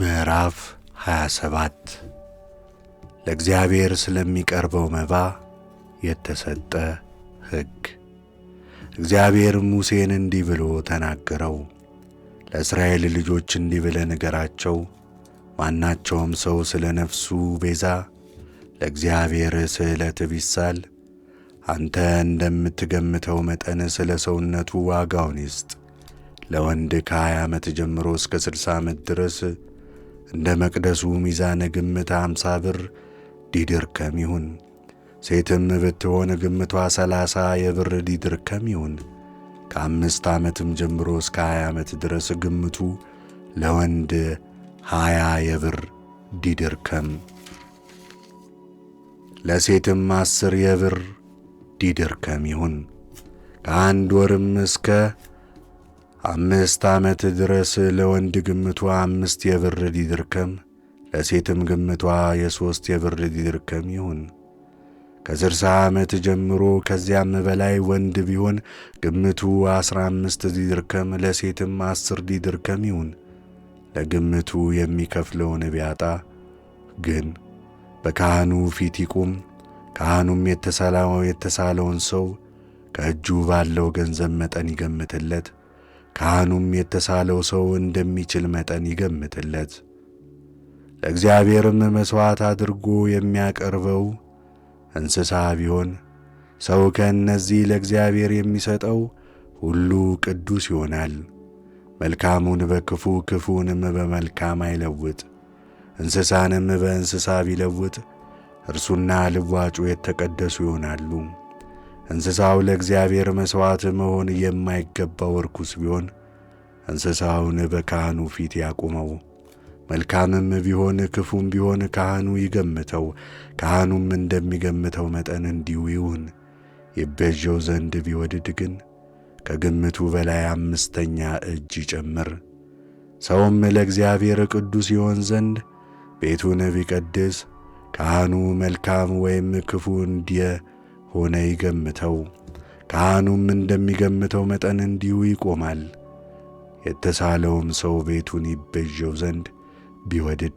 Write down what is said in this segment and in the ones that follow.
ምዕራፍ 27 ለእግዚአብሔር ስለሚቀርበው መባ የተሰጠ ሕግ። እግዚአብሔር ሙሴን እንዲህ ብሎ ተናገረው። ለእስራኤል ልጆች እንዲህ ብለ ንገራቸው፣ ማናቸውም ሰው ስለ ነፍሱ ቤዛ ለእግዚአብሔር ስዕለት ቢሳል፣ አንተ እንደምትገምተው መጠን ስለ ሰውነቱ ዋጋውን ይስጥ። ለወንድ ከ20 ዓመት ጀምሮ እስከ 60 ዓመት ድረስ እንደ መቅደሱ ሚዛነ ግምት አምሳ ብር ዲድርከም ይሁን። ሴትም ብትሆን ግምቷ ሰላሳ የብር ዲድርከም ይሁን። ከአምስት ዓመትም ጀምሮ እስከ ሀያ ዓመት ድረስ ግምቱ ለወንድ ሀያ የብር ዲድርከም ለሴትም አስር የብር ዲድርከም ይሁን። ከአንድ ወርም እስከ አምስት ዓመት ድረስ ለወንድ ግምቷ አምስት የብር ዲድርከም ለሴትም ግምቷ የሦስት የብር ዲድርከም ይሁን። ከስልሳ ዓመት ጀምሮ ከዚያም በላይ ወንድ ቢሆን ግምቱ ዐሥራ አምስት ዲድርከም ለሴትም ዐሥር ዲድርከም ይሁን። ለግምቱ የሚከፍለውን ቢያጣ ግን በካህኑ ፊት ይቁም። ካህኑም የተሳለውን ሰው ከእጁ ባለው ገንዘብ መጠን ይገምትለት ካህኑም የተሳለው ሰው እንደሚችል መጠን ይገምትለት። ለእግዚአብሔርም መሥዋዕት አድርጎ የሚያቀርበው እንስሳ ቢሆን ሰው ከእነዚህ ለእግዚአብሔር የሚሰጠው ሁሉ ቅዱስ ይሆናል። መልካሙን በክፉ ክፉንም በመልካም አይለውጥ። እንስሳንም በእንስሳ ቢለውጥ እርሱና ልዋጩ የተቀደሱ ይሆናሉ። እንስሳው ለእግዚአብሔር መሥዋዕት መሆን የማይገባው ርኩስ ቢሆን እንስሳውን በካህኑ ፊት ያቁመው። መልካምም ቢሆን ክፉም ቢሆን ካህኑ ይገምተው፣ ካህኑም እንደሚገምተው መጠን እንዲሁ ይሁን። ይቤዠው ዘንድ ቢወድድ ግን ከግምቱ በላይ አምስተኛ እጅ ይጨምር። ሰውም ለእግዚአብሔር ቅዱስ ይሆን ዘንድ ቤቱን ቢቀድስ ካህኑ መልካም ወይም ክፉ እንዲየ ሆነ ይገምተው። ካህኑም እንደሚገምተው መጠን እንዲሁ ይቆማል። የተሳለውም ሰው ቤቱን ይቤዠው ዘንድ ቢወድድ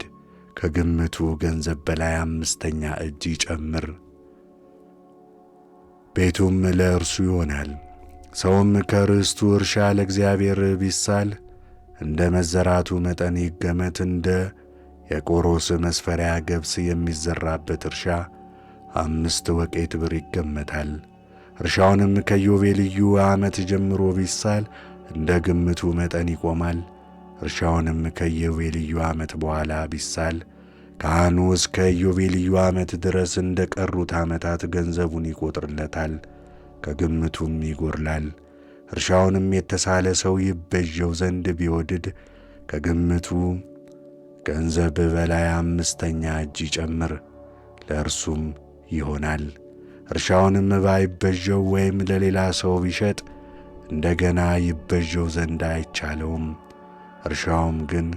ከግምቱ ገንዘብ በላይ አምስተኛ እጅ ይጨምር፣ ቤቱም ለእርሱ ይሆናል። ሰውም ከርስቱ እርሻ ለእግዚአብሔር ቢሳል እንደ መዘራቱ መጠን ይገመት። እንደ የቆሮስ መስፈሪያ ገብስ የሚዘራበት እርሻ አምስት ወቄት ብር ይገመታል። እርሻውንም ከዮቤልዩ ዓመት ጀምሮ ቢሳል እንደ ግምቱ መጠን ይቆማል። እርሻውንም ከዮቤልዩ ዓመት በኋላ ቢሳል ካህኑ እስከ ዮቤልዩ ዓመት ድረስ እንደ ቀሩት ዓመታት ገንዘቡን ይቈጥርለታል፣ ከግምቱም ይጐድላል። እርሻውንም የተሳለ ሰው ይበዠው ዘንድ ቢወድድ ከግምቱ ገንዘብ በላይ አምስተኛ እጅ ይጨምር፣ ለእርሱም ይሆናል። እርሻውንም ባይበጀው ወይም ለሌላ ሰው ቢሸጥ እንደገና ይበጀው ዘንድ አይቻለውም። እርሻውም ግን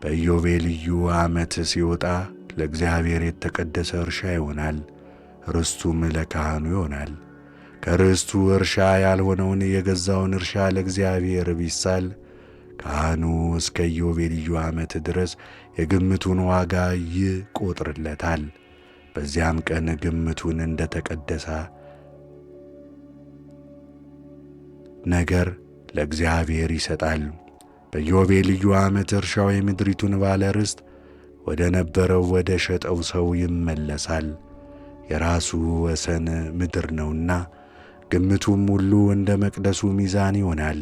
በኢዮቤልዩ ዓመት ሲወጣ ለእግዚአብሔር የተቀደሰ እርሻ ይሆናል። ርስቱም ለካህኑ ይሆናል። ከርስቱ እርሻ ያልሆነውን የገዛውን እርሻ ለእግዚአብሔር ቢሳል ካህኑ እስከ ኢዮቤልዩ ዓመት ድረስ የግምቱን ዋጋ ይቆጥርለታል። በዚያም ቀን ግምቱን እንደ ተቀደሰ ነገር ለእግዚአብሔር ይሰጣል። በኢዮቤልዩ ዓመት እርሻው የምድሪቱን ባለ ርስት ወደ ነበረው ወደ ሸጠው ሰው ይመለሳል። የራሱ ወሰን ምድር ነውና ግምቱም ሁሉ እንደ መቅደሱ ሚዛን ይሆናል።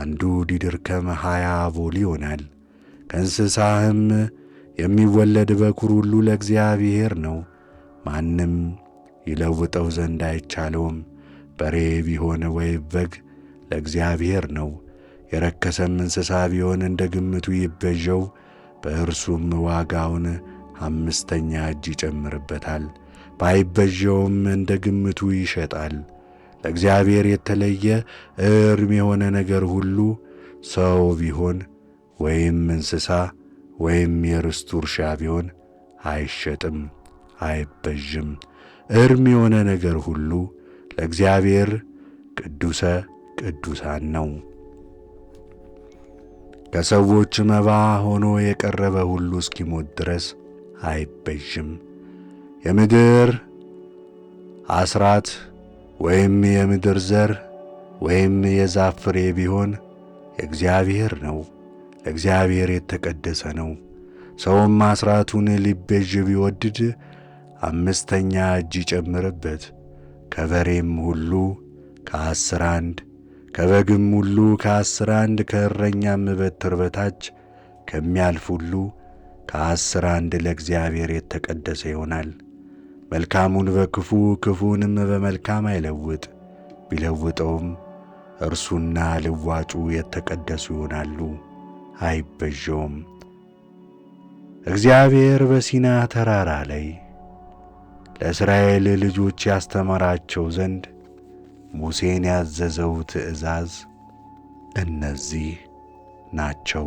አንዱ ዲድርከም ከመሃያ ቦል ይሆናል። ከእንስሳህም የሚወለድ በኩር ሁሉ ለእግዚአብሔር ነው፣ ማንም ይለውጠው ዘንድ አይቻለውም። በሬ ቢሆን ወይ በግ ለእግዚአብሔር ነው። የረከሰም እንስሳ ቢሆን እንደ ግምቱ ይበዣው በእርሱም ዋጋውን አምስተኛ እጅ ይጨምርበታል። ባይበዠውም እንደ ግምቱ ይሸጣል። ለእግዚአብሔር የተለየ እርም የሆነ ነገር ሁሉ ሰው ቢሆን ወይም እንስሳ ወይም የርስቱ እርሻ ቢሆን አይሸጥም፣ አይበዥም። እርም የሆነ ነገር ሁሉ ለእግዚአብሔር ቅዱሰ ቅዱሳን ነው። ከሰዎች መባ ሆኖ የቀረበ ሁሉ እስኪሞት ድረስ አይበዥም። የምድር አስራት ወይም የምድር ዘር ወይም የዛፍሬ ቢሆን የእግዚአብሔር ነው። እግዚአብሔር የተቀደሰ ነው። ሰውም አስራቱን ሊቤዥ ቢወድድ አምስተኛ እጅ ይጨምርበት። ከበሬም ሁሉ ከአስር አንድ ከበግም ሁሉ ከአስር አንድ ከእረኛም በትር በታች ከሚያልፍ ሁሉ ከአስር አንድ ለእግዚአብሔር የተቀደሰ ይሆናል። መልካሙን በክፉ ክፉንም በመልካም አይለውጥ። ቢለውጠውም እርሱና ልዋጩ የተቀደሱ ይሆናሉ። አይበጀውም እግዚአብሔር በሲና ተራራ ላይ ለእስራኤል ልጆች ያስተምራቸው ዘንድ ሙሴን ያዘዘው ትእዛዝ እነዚህ ናቸው።